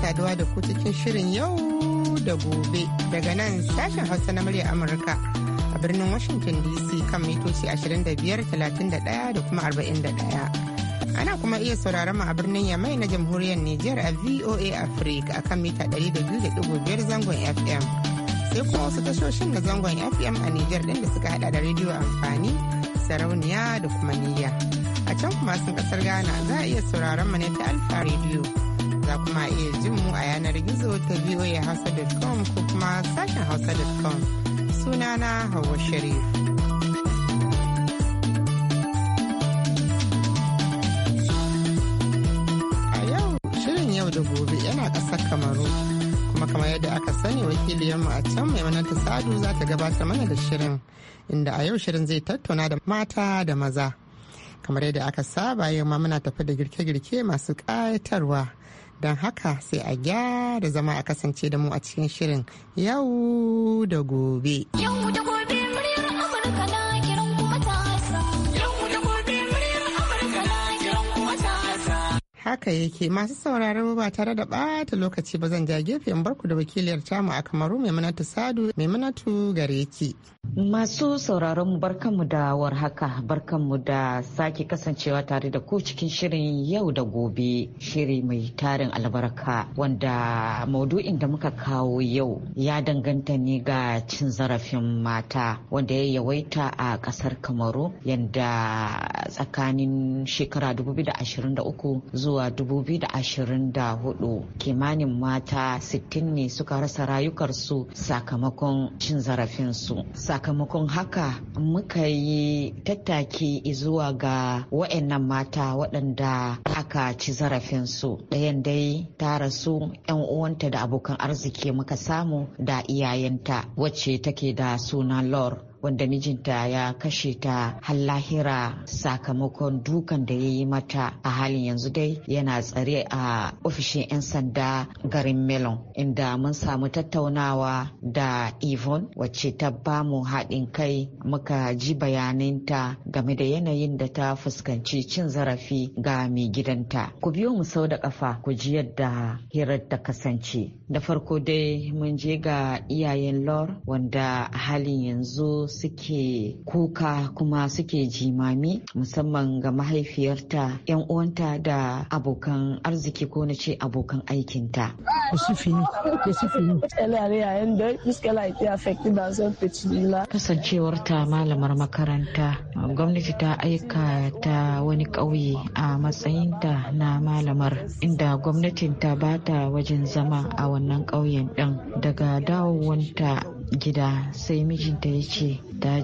saduwa da ku cikin shirin yau da gobe daga nan sashen Hausa na murya Amurka a birnin Washington DC kan mitoci 25,31 da kuma 41. Ana kuma iya sauraron mu a birnin Yamai na jamhuriyar Nijar a VOA Africa a kan mita 200.5 zangon FM. Sai kuma wasu tashoshin na zangon FM a Nijar ɗin da suka hada da rediyo amfani, sarauniya da kuma niyya. A can kuma sun kasar Ghana za a iya sauraron mu ne ta Alfa Radio. za kuma a iya jin mu a yanar gizo ta voahausa.com ko kuma sashen hausa.com sunana hawa sharif a yau shirin yau da gobe yana kasar kamaru kuma kamar yadda aka sani wakiliyarmu a can mai manata sadu za ta gabatar mana da shirin inda a yau shirin zai tattauna da mata da maza kamar yadda aka saba yau ma muna tafi da girke-girke masu ƙayatarwa don haka sai a gyara zama a kasance da mu a cikin shirin yau da gobe. Yau da gobe. Haka yake masu sauraro ba tare da bata lokaci ba zan ja gefe in barku da wakiliyar tamu a kamaru Maimunatu Sadu Maimunatu gare ki. Masu sauraron mu barkanmu da warhaka barkanmu da sake kasancewa tare da ku cikin shirin yau da gobe shiri mai tarin albarka wanda maudu'in da muka kawo yau ya danganta ne ga cin zarafin mata wanda ya yawaita a kasar kamaru yadda tsakanin shekara 2023 zuwa 2024 kimanin mata 60 ne suka rasa rayukarsu sakamakon cin zarafinsu sakamakon haka muka yi tattaki zuwa ga wa'annan mata waɗanda aka ci zarafinsu ɗayan dai ta rasu 'yan uwanta da abokan arziki muka samu da iyayenta wacce take da suna lor wanda mijinta ya kashe ta har lahira sakamakon dukan da ya yi mata a halin yanzu dai yana tsare a ofishin 'yan sanda garin melon inda mun samu tattaunawa da yvonne wacce ta bamu haɗin kai muka ji bayaninta game da yanayin da ta fuskanci cin zarafi ga mai gidanta ku biyo mu sau da ƙafa ku ji yadda hirar ta kasance da farko dai mun je ga iyayen lor wanda halin yanzu suke kuka kuma suke jimami musamman ga mahaifiyarta 'yan uwanta da abokan arziki ko na ce abokan aikinta. Kasancewar ta malamar makaranta, gwamnati ta aika ta wani ƙauye a matsayinta na malamar inda gwamnatin ta bata wajen zama a wannan ƙauyen ɗin daga dawowanta gida sai mijinta ya ce ta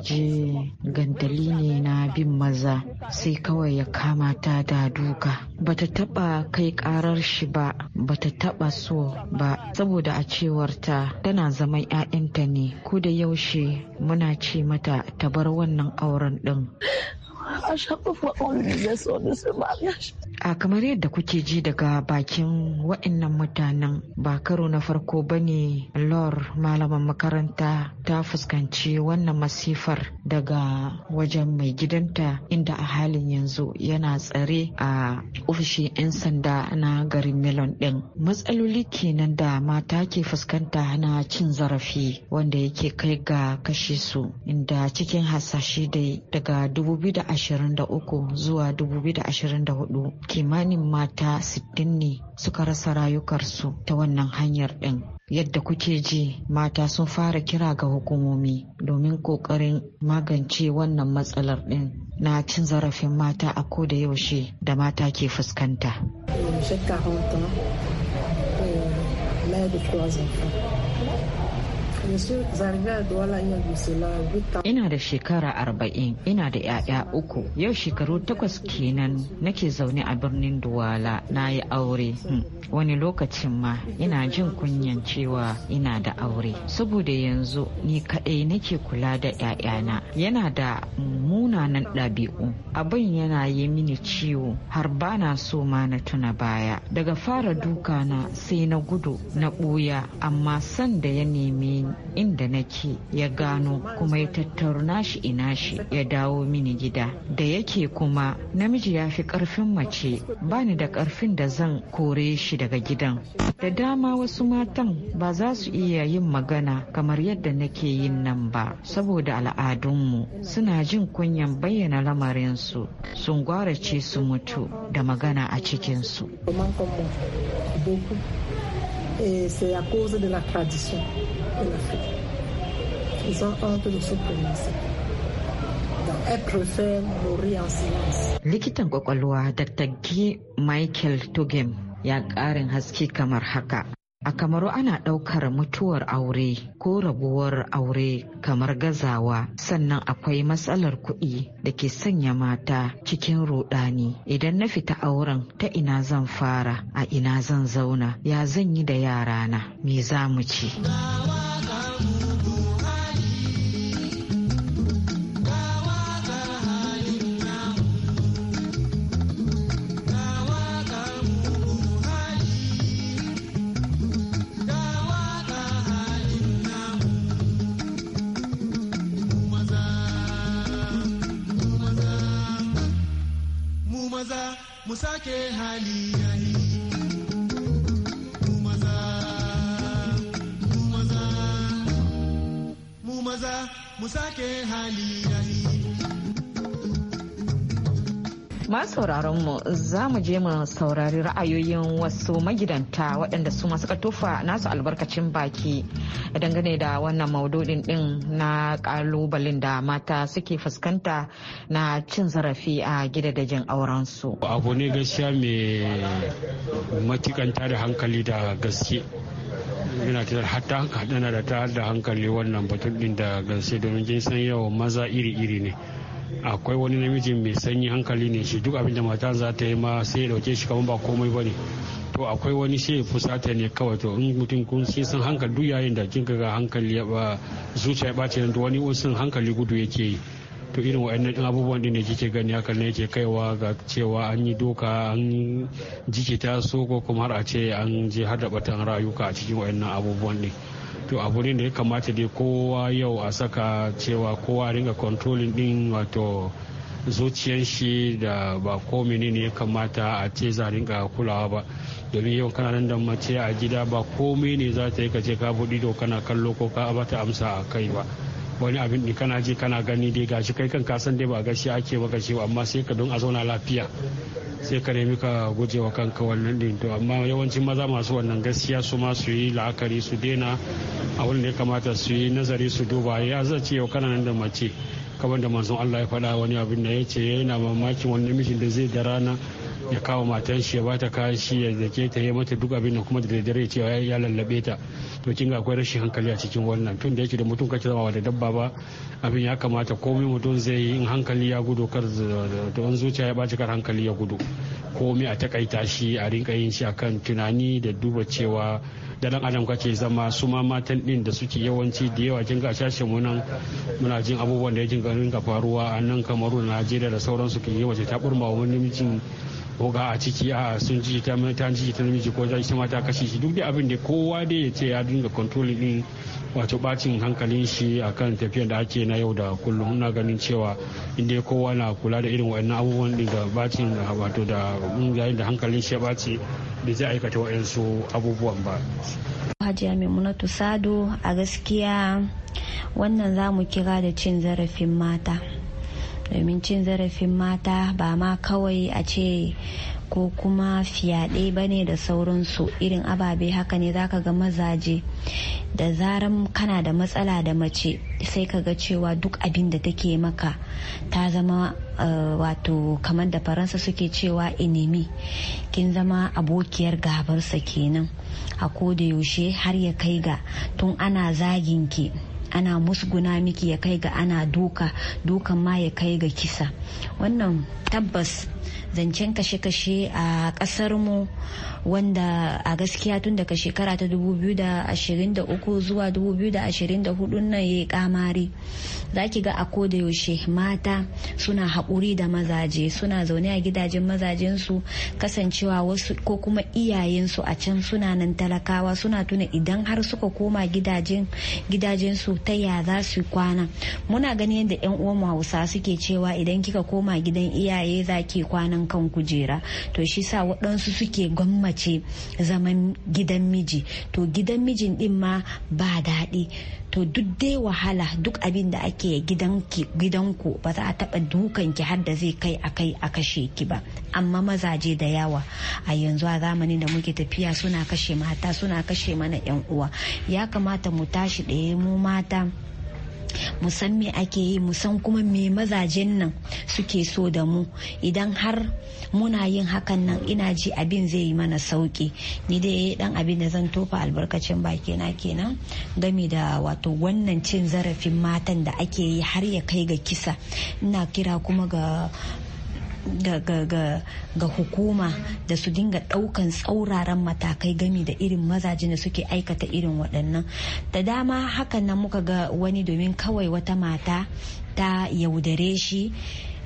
gandali ne na bin maza sai kawai ya kama ta da duka bata taba kai karar shi ba bata taba so ba saboda a cewar ta tana zama 'ya'yanta ne ko da yaushe muna ce mata ta bar wannan auren din A kamar yadda kuke ji daga bakin wa'annan mutanen ba karo na farko ba ne lor malaman makaranta ta fuskanci wannan masifar daga wajen mai gidanta inda a halin yanzu yana tsare a ofishin 'yan sanda na garin milon ɗin. Matsaloli kenan da mata ke fuskanta na cin zarafi wanda yake kai ga kashe su inda cikin hasashe dai daga 2020 2023 zuwa 2024 kimanin mata 60 ne suka rasa rayukarsu ta wannan hanyar ɗin. Yadda kuke ji mata sun fara kira ga hukumomi domin ƙoƙarin magance wannan matsalar ɗin na cin zarafin mata a koda yaushe da mata ke fuskanta. Ina da shekara arba'in, ina da 'ya'ya uku. Yau shekaru takwas kenan nake zaune a birnin Duwala na yi aure. Hmm. Wani lokacin ma ina jin kunyan cewa ina da aure. Saboda yanzu ni kaɗai nake kula da 'ya'yana. Yana da munanan ɗabi'u. Abin yana yi mini ciwo har ba na so ma na tuna baya. Daga fara duka na sai na gudu na ɓuya amma sanda ya neme inda nake ya gano kuma ya tattaro nashi ina shi ya dawo mini gida da yake kuma namiji ya fi karfin mace bani da karfin da zan kore shi daga gidan da dama wasu matan ba za su iya yin magana kamar yadda nake yin nan ba saboda al'adunmu suna jin kunyan bayyana lamarinsu sun gwarace su mutu da magana a cikinsu. Eh, c'est à cause de la tradition. elle Ils ont honte de se prononcer. Likitan kwakwalwa Dr. g Michael Togem ya karin haske kamar haka. A Kamaru ana ɗaukar mutuwar aure ko rabuwar aure kamar gazawa sannan akwai matsalar kuɗi da ke sanya mata cikin rudani idan na fita auren ta ina zan fara a ina zan zauna ya zan yi da yarana me za mu ci. mu sake hali yayi mu maza mu maza mu maza mu sake hali yayi masu mu za mu je mu saurari ra'ayoyin wasu magidanta waɗanda su masu katofa nasu albarkacin baki dangane da wannan maudu'in din na kalubalen da mata suke fuskanta na cin zarafi a gidajen aurensu. abu ne gaskiya mai matikanta da hankali da gaske yana ta hatta hankali da hankali wannan batun din da gaske domin jin san maza iri-iri ne akwai wani namiji mai sanyi hankali ne shi duk abinda da matan za ta yi ma sai ya dauke shi kamar ba komai ba ne to akwai wani sai fusata ne kawai to in mutum kun sai san hankali duk yayin da kin ga hankali ya ba zuciya ya bace da wani usun hankali gudu yake yi to irin wa'annan abubuwan din ne kike gani haka ne yake kaiwa ga cewa an yi doka an jikita so ko kuma har a ce an je har da batan rayuka a cikin wa'annan abubuwan ne to abu ne da ya kamata dai kowa yau a saka cewa kowa ringa controlling din wato zuciyar shi da ba ko ne ya kamata a ce za ringa kulawa ba domin yau kana nan da mace a gida ba komai ne za ta yi ka ce ka buɗi kana kallo ko ka bata amsa a kai ba wani abin ne kana je kana gani dai gashi kai kan kasan dai ba gashi ake ba gashi amma sai ka don a zauna lafiya sai ka nemi ka gujewa kanka wannan din to amma yawancin maza masu wannan gaskiya su ma su yi la'akari su daina abin da ya kamata su yi nazari su duba ya zace yau kana nan da mace kamar da manzon Allah ya faɗa wani abin da ya ce yana mamakin wani namijin da zai da rana ya kawo matan shi ya bata kayan shi ya zake ta yi mata duk abin da kuma da daddare ya ce ya lallabe ta to kin ga akwai rashin hankali a cikin wannan tun da yake da mutum kace zama da dabba ba abin ya kamata komai mutum zai yi in hankali ya gudu kar da wani zuciya ya baci kar hankali ya gudu komi a takaita shi a rinka yin shi akan tunani da duba cewa da dan adam kake zama su ma matan din da suke yawanci da yawa kin ga shashin mu nan muna jin abubuwan da ya jin ga faruwa a nan kamaru najeriya da sauransu ke yawanci ta burma wani mijin oga a ciki a sun ji ta mata ji ta namiji ko ta shi mata kashe shi duk da abin da kowa da ya ce ya dinga control din wato bacin hankalin shi akan tafiyar da ake na yau da kullum na ganin cewa inda kowa na kula da irin wa'annan abubuwan din da bacin wato da yayin da hankalin shi ya baci da zai aikata wa'ansu abubuwan ba Hajiya Maimunatu Sado a gaskiya wannan zamu kira da cin zarafin mata. domin cin zarafin mata ba ma kawai a ce ko kuma fiyaɗe ba ne da sauransu irin ababe haka ne zaka ga mazaje da zaran kana da matsala da mace sai ka ga cewa duk abin da take maka ta zama eh, wato kamar da faransa suke cewa inimi kin zama abokiyar gabarsa kenan a ko da yaushe har ya kai ga tun ana zaginki ana musguna miki ya kai ga ana duka dukan ma ya kai ga kisa wannan tabbas zancen kashe-kashe a kasarmu wanda a gaskiya tun daga shekara ta 2023 zuwa 2024 nan ya yi kamari za ki ga a koda yaushe mata suna haƙuri da mazaje suna zaune a gidajen mazajensu kasancewa wasu ko kuma iyayensu a can suna nan talakawa suna tuna idan har suka koma gidajen gidajensu ta ya za su kwana muna ganin yadda 'yan uwan hausa suke cewa idan kika koma gidan iyaye za ki kwanan kan kujera to shi sa waɗansu suke gwammace zaman gidan miji to gidan mijin ɗin ma ba daɗi to duk dai wahala duk abin da ake gidanku ba za a taɓa dukan ki har da zai kai a kai a kashe ki ba amma mazaje da yawa a yanzu a zamanin da muke tafiya suna kashe mata suna kashe mana yan uwa ya kamata mu tashi ɗaya mu mata mu san me ake yi mu san kuma me mazajen nan suke so da mu idan har muna yin hakan nan ina ji abin zai yi mana sauki ni dai dan abin da zan tofa albarkacin baki na kenan game da wato wannan cin zarafin matan da ake yi har ya kai ga kisa ina kira kuma ga ga hukuma da su dinga daukan tsauraran matakai gami da irin mazajin da suke aikata irin waɗannan da dama hakan nan muka ga wani domin kawai wata mata ta yaudare shi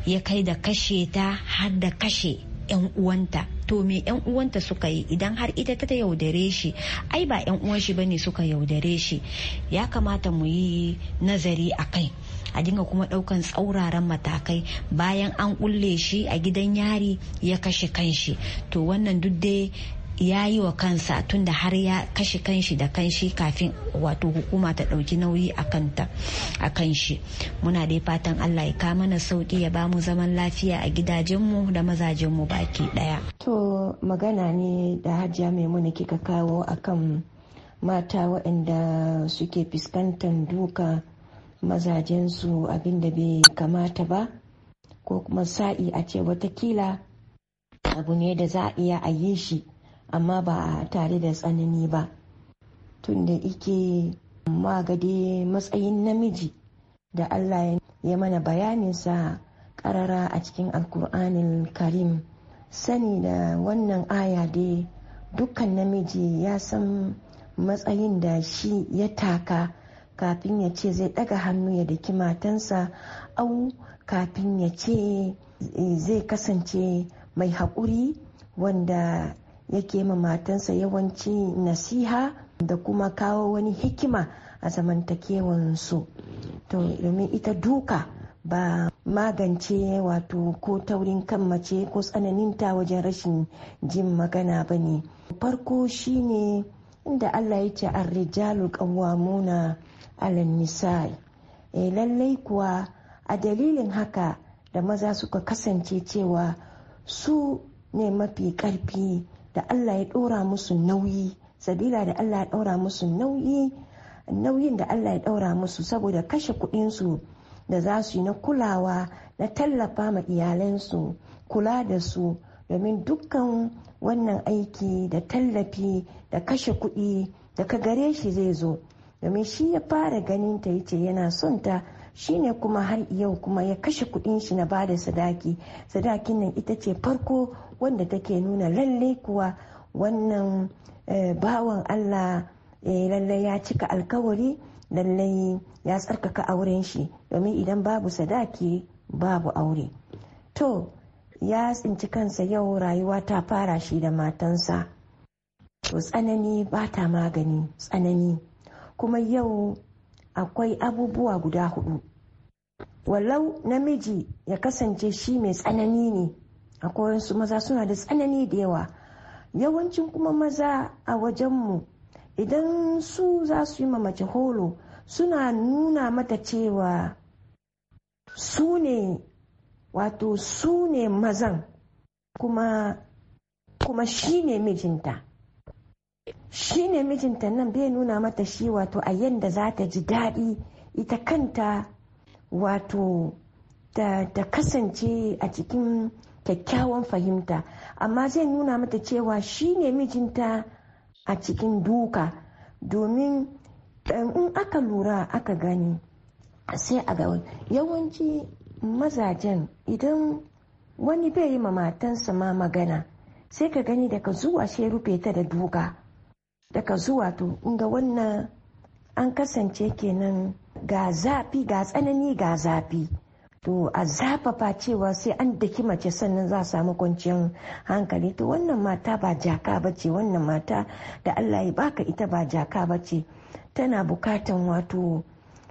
ya kai da kashe ta har da kashe 'yan uwanta to me yan uwanta suka yi idan har ita ta yaudare shi ai ba yan uwan shi bane suka yaudare shi ya kamata mu yi nazari a kai a dinga kuma daukan tsauraran matakai bayan an kulle shi a gidan yari ya kashe kanshi to wannan duk dai ya yi wa kansa tunda har ya kashe kanshi da kanshi kafin wato hukuma ta dauki nauyi a kan shi muna dai fatan allah ya kama na sauki ya ba mu zaman lafiya a gidajenmu da mazajenmu baki ɗaya to magana ne da hajiya maimuna kika kawo akan mata waɗanda suke fuskantar duka mazajensu abin da bai kamata ba ko kuma sa'i a ce watakila abu ne da za a iya a yi shi amma ba tare da tsanani ba Tunda ike magade matsayin namiji da allah ya mana bayaninsa karara a cikin alkur'anin karim sani da wannan aya dai dukkan namiji ya san matsayin da shi ya taka kafin ya ce zai ɗaga hannu ya daki matansa au kafin ya ce zai kasance mai haƙuri wanda yake ma matansa yawanci nasiha da kuma kawo wani hikima a zamantakewansu to domin ita duka ba magance wato ko taurin kan mace ko tsananin ta wajen rashin jin magana ba ne farko shine inda allah ya ce arrijalu ƙawwamuna alal misal e lallai kuwa a dalilin haka da maza suka kasance cewa su ne mafi karfi da allah ya ɗora musu nauyi sabila da allah ya ɗora musu nauyi nauyin da allah ya ɗora musu saboda kashe kuɗinsu da za su yi na kulawa na tallafa ma iyalansu kula da su domin dukkan wannan aiki da tallafi da kashe kuɗi daga gare shi zai zo domin shi ya fara ganin ta yace yana son ta shine kuma har yau kuma ya kashe kudin shi na bada sadaki sadakin nan ita ce farko wanda take nuna lalle kuwa wannan eh, bawan allah eh, lalle ya cika alkawari lalle ya tsarkaka auren shi domin idan babu sadaki babu aure to ya tsinci kansa yau rayuwa ta fara shi da matansa to tsanani ba ta magani tsanani kuma yau akwai abubuwa guda hudu walau namiji ya kasance shi mai tsanani ne akwai wasu maza suna da tsanani da yawa yawancin kuma maza a wajenmu idan su za su yi ma mace holo suna nuna mata cewa su ne wato su ne mazan kuma shi ne mijinta shi ne mijinta nan bai nuna mata shi wato a yadda za ta ji daɗi ita kanta wato ta kasance a cikin kyakkyawan fahimta amma zai nuna mata cewa shi ne mijinta a cikin duka domin eh, in aka lura aka gani sai a ga yawanci mazajen idan wani bai yi ma matansa ma magana sai ka gani daga zuwa sai rufe ta da duka daga zuwa to inda wannan an kasance kenan ga zafi ga tsanani ga zafi to a zafafa cewa sai an daki mace sannan za a samu kwanciyar hankali to wannan mata ba jaka ba ce wannan mata da allah ya baka ita ba jaka ba ce tana bukatan wato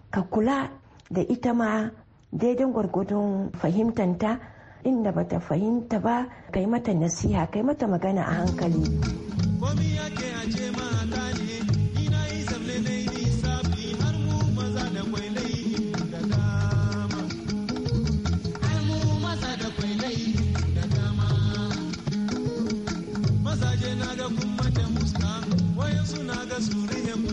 ka kula da ita ma daidan gwargwadon fahimtanta inda bata fahimta ba kai mata nasiha kai mata magana a hankali. Suriyam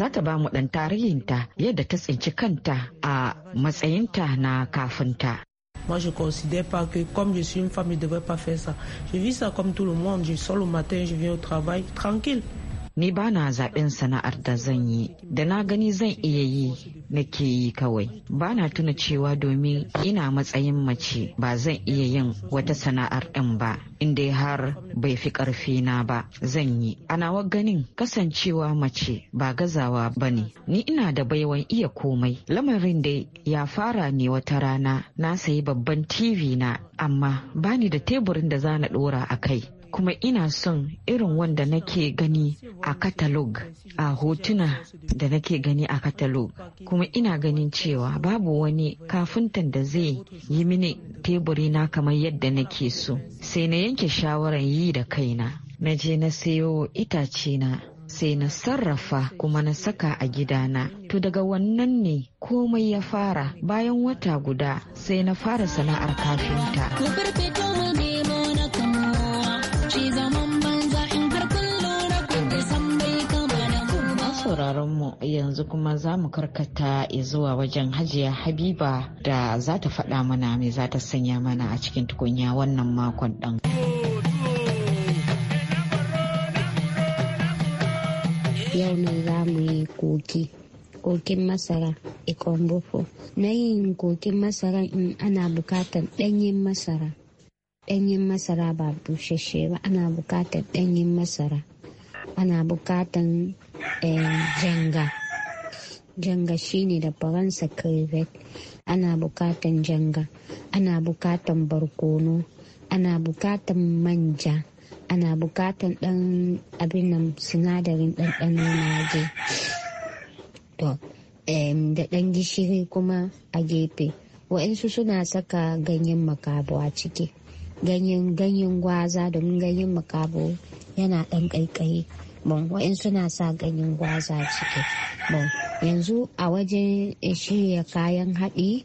Moi, je ne considère pas que comme je suis une femme, je ne devrais pas faire ça. Je vis ça comme tout le monde. Je sors le matin, je viens au travail tranquille. ni ba na zaɓen sana'ar da zan yi da na gani zan iya yi nake yi kawai ba na tuna cewa domin ina matsayin mace ba zan iya yin wata sana'ar ɗin ba inda har bai fi ƙarfi na ba zan yi a nawa ganin kasancewa mace ba gazawa ba ne ni ina da baiwan iya komai lamarin dai ya fara ne wata rana na sayi babban tv na amma bani da teburin da za na ɗora a kai kuma ina son irin wanda nake gani a katalog a hotuna da nake gani a katalog kuma ina ganin cewa babu wani kafintan da zai yi mini teburi na kamar yadda nake so sai na yanke shawarar yi da kaina na je na sayo itace na sai na sarrafa kuma na saka a gidana to daga wannan ne komai ya fara bayan wata guda sai na fara sana'ar kafinta sauraronmu yanzu kuma za mu karkata zuwa wajen hajiya habiba da za ta faɗa mana mai za ta sanya mana a cikin tukunya wannan makon ɗan. yau ne za mu yi koki kokin masara ikombofo na yin kokin masara in ana bukatar ɗanyen masara ɗanyen masara ba busasshe ba ana bukatar ɗanyen masara ana bukatan eh, janga janga shine da faransa crevet ana bukatan janga ana bukatan barkono ana bukatan manja ana bukatan dan abin nan sinadarin ɗanɗano na to da ɗan gishiri kuma a gefe wa'insu suna saka ganyen makabo a ciki ganyen ganyen gwaza domin ganyen makabo yana ɗan ƙaiƙayi bon wa'in suna sa ganyen gwaza ciki bon yanzu a wajen shirya kayan haɗi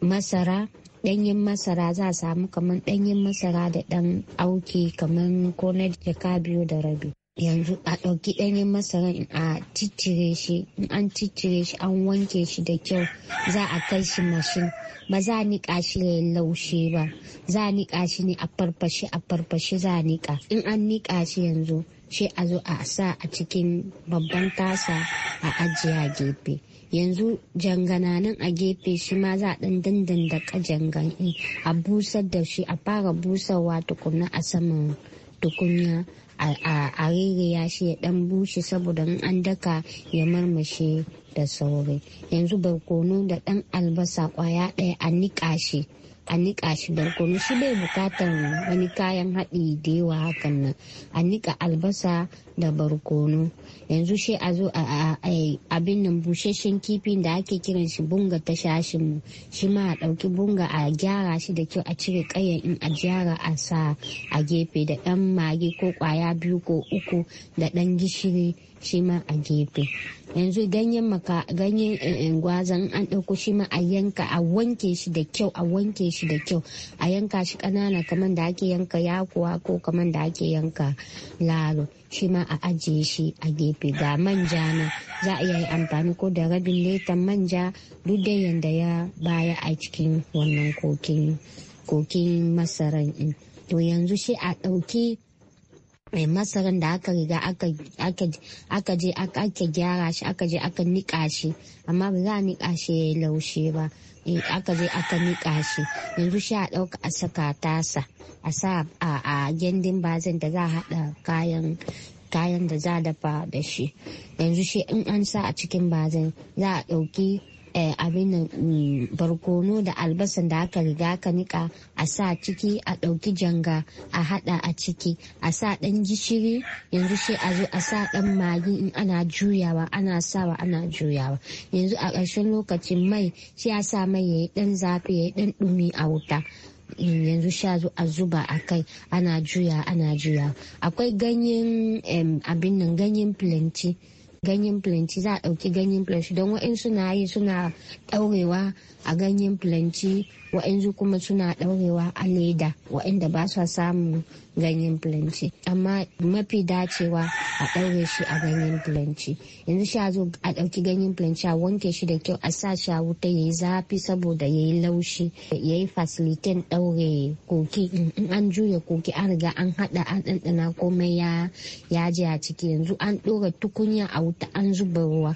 masara ɗanyen masara za a samu kamar ɗanyen masara da ɗan auki kamar ko na jaka biyu da rabi yanzu a ɗauki ɗanyen masaran a ciccire shi in an ciccire shi an wanke shi da kyau za a kai shi mashin ba za a niƙa shi ya laushe ba za a niƙa shi ne a farfashe a farfashe za a niƙa in an niƙa shi yanzu shi a zo a sa a cikin babban tasa a ajiye a gefe yanzu jangana nan a gefe shi ma za a dan ka jangan a busar da shi a fara busarwa tukunna a saman tukunya a ya shi ya dan bushe saboda an daka ya marmashe da sauri yanzu barkono da dan albasa kwaya daya a niƙa shi a niƙa shi barkono shi bai bukatar wani kayan haɗi da yawa hakan nan a niƙa albasa da barkono yanzu shi a zo a abin nan busasshen kifin da ake kiran shi bunga ta shashin shi ma a ɗauki bunga a gyara shi da kyau a cire ƙayan in a gyara a sa a gefe da ɗan mage ko ƙwaya biyu ko uku da ɗan gishiri shi ma a gefe yanzu ganyen maka ganyen eh, eh, gwazan an ɗauko shi ma a yanka a wanke shi da kyau a wanke shi da kyau a yanka shi ƙanana kamar da ake yanka yakuwa ko kamar da ake yanka laro shi ma a ajiye shi a gefe ga manja na za a yi amfani ko da rabin letan manja duk da yanda ya baya a cikin wannan kokin kokin masaran to yanzu shi a ɗauki mai masaran da aka riga aka je aka gyara shi aka je aka niƙa shi amma ba za a niƙa shi ya yi laushe ba eh, aka je aka niƙa shi yanzu shi a ɗauka a saka tasa a sa a gindin bazin da za a haɗa kayan kayan da za a dafa da shi yanzu shi in an sa a cikin bazin za a ɗauki Eh, abin mm, barkono da albasan da aka riga aka nika a sa ciki a ɗauki janga a hada a ciki a sa ɗan gishiri yanzu sai a zo a sa ɗan magi in ana juyawa ana sawa ana juyawa yanzu a ƙarshen lokacin mai sai a sa mai yi ɗan zafi yi ɗan ɗumi a wuta mm, yanzu sha zo a zuba a kai ana juya ana juya akwai ganyen abin nan ganyen plenty ganyen plantain za a ɗauki ganyen plantain don wa'in suna yi suna ɗaurewa a ganyen filanci wa'insu kuma suna ɗaurewa a leda wa'inda ba su samun ganyen filanci amma mafi dacewa a ɗaure shi a ganyen filanci yanzu sha zo a ɗauki ganyen filanci a wanke shi da kyau a sa shi a wuta ya yi zafi saboda ya yi laushi ya yi fasilitin ɗaure koki in an juya koki an riga an haɗa an ɗanɗana komai ya je a ciki yanzu an ɗora tukunya a wuta an zuba ruwa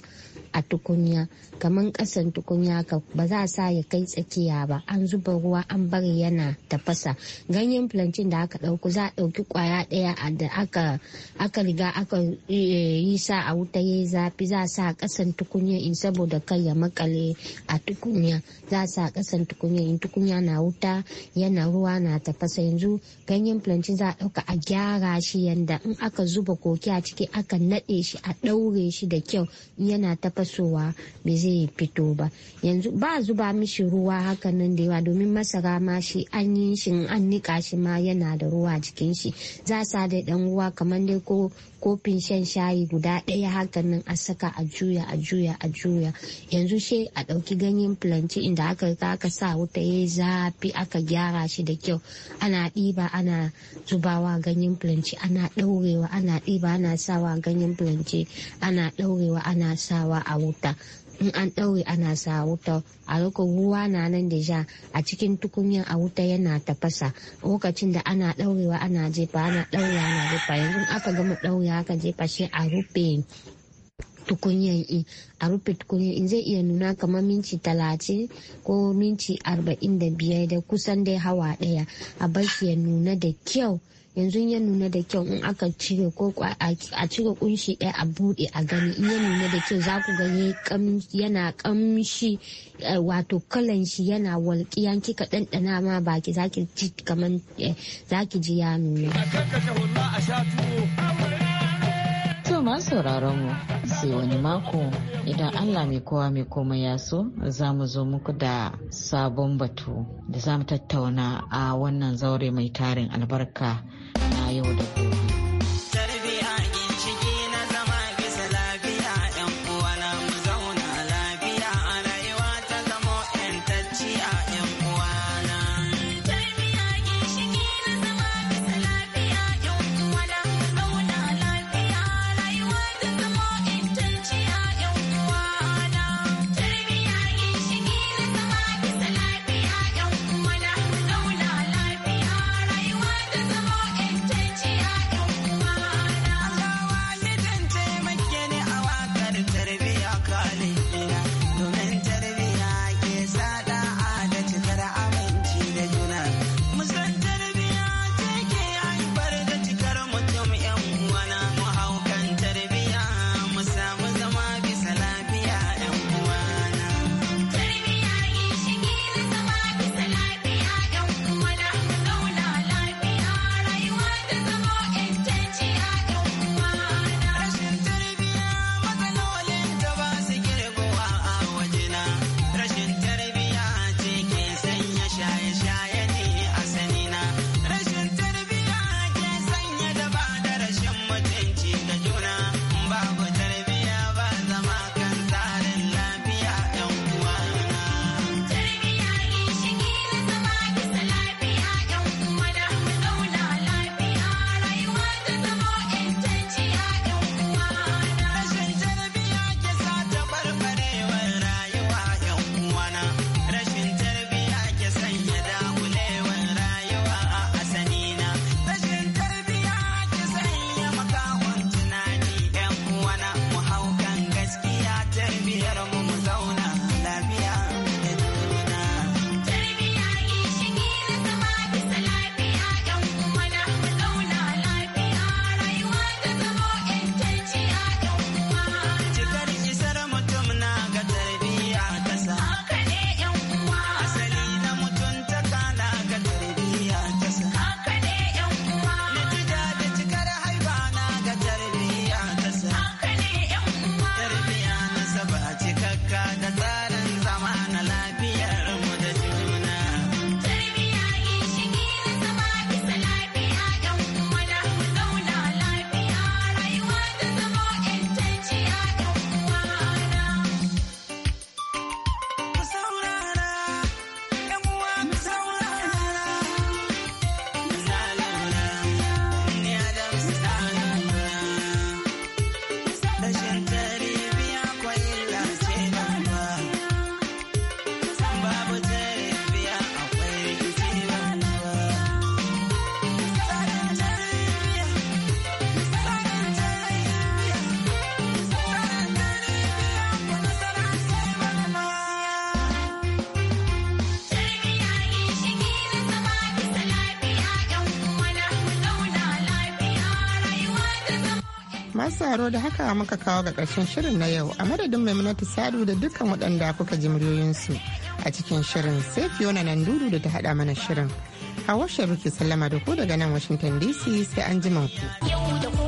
a tukunya kamar kasan tukunya ka ba za a sa ya kai tsakiya ba an zuba ruwa an bari yana tafasa ganyen plantain da aka ɗauko za a ɗauki kwaya daya da aka riga aka eh, yi sa a wuta yayi zafi za a sa a kasan tukunya in saboda kai ya makale a tukunya za a sa a kasan tukunya in tukunya na wuta yana ruwa na tafasa yanzu ganyen plantain za a ɗauka a gyara shi yanda in aka zuba koki a ciki aka naɗe shi a ɗaure shi da kyau yana tafasa fasowa ba zai fito ba yanzu ba zuba mishi ruwa haka nan da yawa domin masara ma shi an yi shi an nika shi ma yana da ruwa jikin shi za sa da dan ruwa kamar dai ko kofin shan shayi guda ɗaya haka nan a saka a juya a juya a juya yanzu shi a ɗauki ganyen plantain inda aka riga aka sa wuta ya zafi aka gyara shi da kyau ana ɗiba ana zubawa ganyen plantain ana ɗaurewa ana ɗiba ana sawa ganyen plantain ana ɗaurewa ana sawa a wuta in an ɗaure ana sa wuta a rika ruwa na nan da ja a cikin tukunya a wuta yana tafasa lokacin da ana ɗaurewa ana jefa ana ɗaure ana jefa yanzu aka gama ɗaurewa aka jefa shi a rufe tukunya in a rufe tukunya in zai iya nuna kamar minci talatin ko minci arba'in da biyar da kusan dai hawa ɗaya a bar shi ya nuna da kyau yanzu ya nuna da kyau in mm. aka cire ko a cire kunshi ɗaya a buɗe a gani in ya nuna da kyau za ku gani yana kamshi eh, wato kalan shi yana walƙiya kika ɗanɗana ma baki zaki ji kaman eh, zaki ji ya nuna. To ma sauraron mu sai wani mako idan Allah mai kowa mai komai ya so za mu zo muku da sabon batu da za mu tattauna a wannan zaure mai tarin albarka I da masu tsaro da haka muka kawo ga ƙarshen shirin na yau a madadin maimunatu sadu da dukkan waɗanda kuka ji muryoyinsu a cikin shirin sai fiona nan dudu da ta haɗa mana shirin a washe rufe sallama da ku daga nan washington dc sai an ji ku.